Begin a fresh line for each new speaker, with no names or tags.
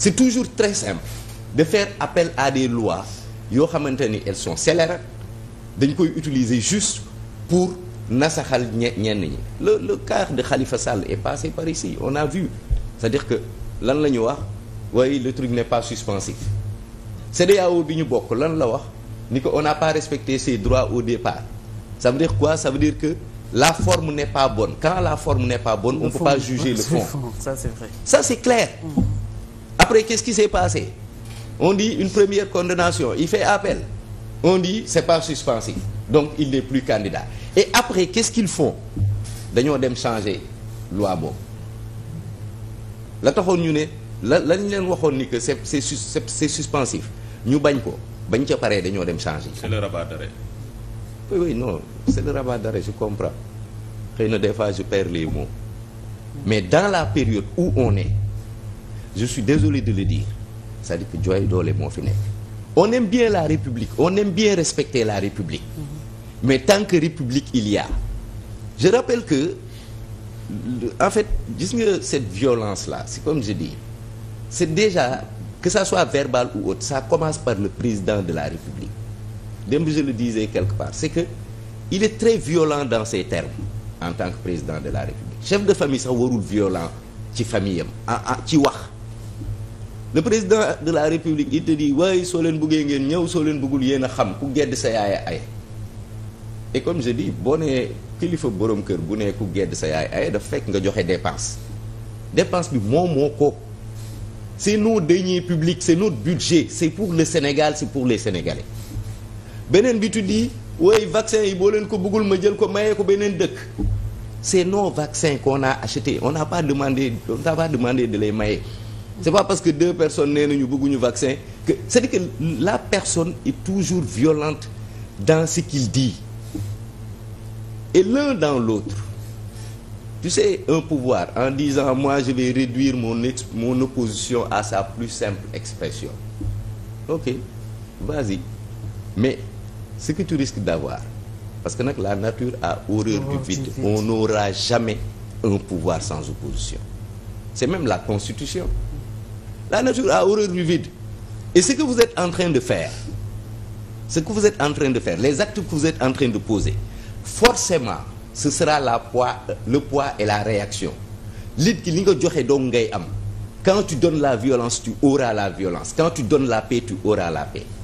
c'est toujours très simple de faire appel à des lois yoo xamante ni elles sont scélérates dañ koy utiliser juste pour nasaxal ñe ñenn ñi le le cas de Khalifa Sall et passé par ici on a vu c'est-à-dire que lan la ñu wax waaye le truc n'est pas suspensif CEDEAO bi ñu bokk lan la wax ni ko on n'a pas respecté ses droits au départ ça veut dire quoi ça veut dire que la forme n'est pas bonne quand la forme n'est pas bonne on ne peut pas juger le fond c'est vrai après que ce qui s'est passé on dit une première condamnation il fait appel on dit c'est pas suspensif donc il n'est plus candidat et après que ce qu'ils font dañoo dem changer loi boobu la taxoon ñu ne la lañ leen waxoon ni que c'est c'est c'est suspensif ñu bañ ko bañ ca paree dañoo dem changer. c'est le rabat d'arrêt. oui oui non c'est le rabat je comprends xëy na des fois je perds mais dans la période où on est. je suis désolé de le dire cest dire que jooy doole moo fi on aime bien la république on aime bien respecter la république mm-hmm. mais tant que république il y a je rappelle que en fait gis nga cette violence là c'est comme je dis c'est déjà que ça soit verbal ou autre ça commence par le président de la république démb je le disais quelque part c'est que il est très violent dans ses termes en tant que président de la république chef de famille sax warul violent ci famille am ci wax le président de la république il te dit waaye soo leen bëggee ngeen ñëw soo leen bëggul yéen a xam ku gedd sa yaay ay et comme je dis boo nee kilifa borom kër bu nee ku gedd sa yaay ay dafa fekk nga joxe dépense dépense bi moom moo ko c'est nos deniers publics c'est notre budget c'est pour le Sénégal c'est pour les Sénégalais beneen bi tu dis waaye vaccin yi boo leen ko buggul ma jël ko mayee ko beneen dëkk c'est nos vaccins qu'on a acheté on n'a pas de c'est pas parce que deux personnes nee nañu bëgguñu vaccin que cest dire que la personne est toujours violente dans ce qu'il dit et l'un dans l'autre tu sais un pouvoir en disant moi je vais réduire mon ex mon opposition à sa plus simple expression ok vas-y mais ce que tu risques d'avoir parce que nag la nature a horreur oh, du vide on n'aura jamais un pouvoir sans opposition c'est même la constitution la nature a horreur du vide et ce que vous êtes en train de faire ce que vous êtes en train de faire les actes que vous êtes en train de poser forcément ce sera la poids le poids et la réaction lit ki li nga joxe donc ngay am quand tu donnes la violence tu auras la violence quand tu donnes la paix tu auras la paix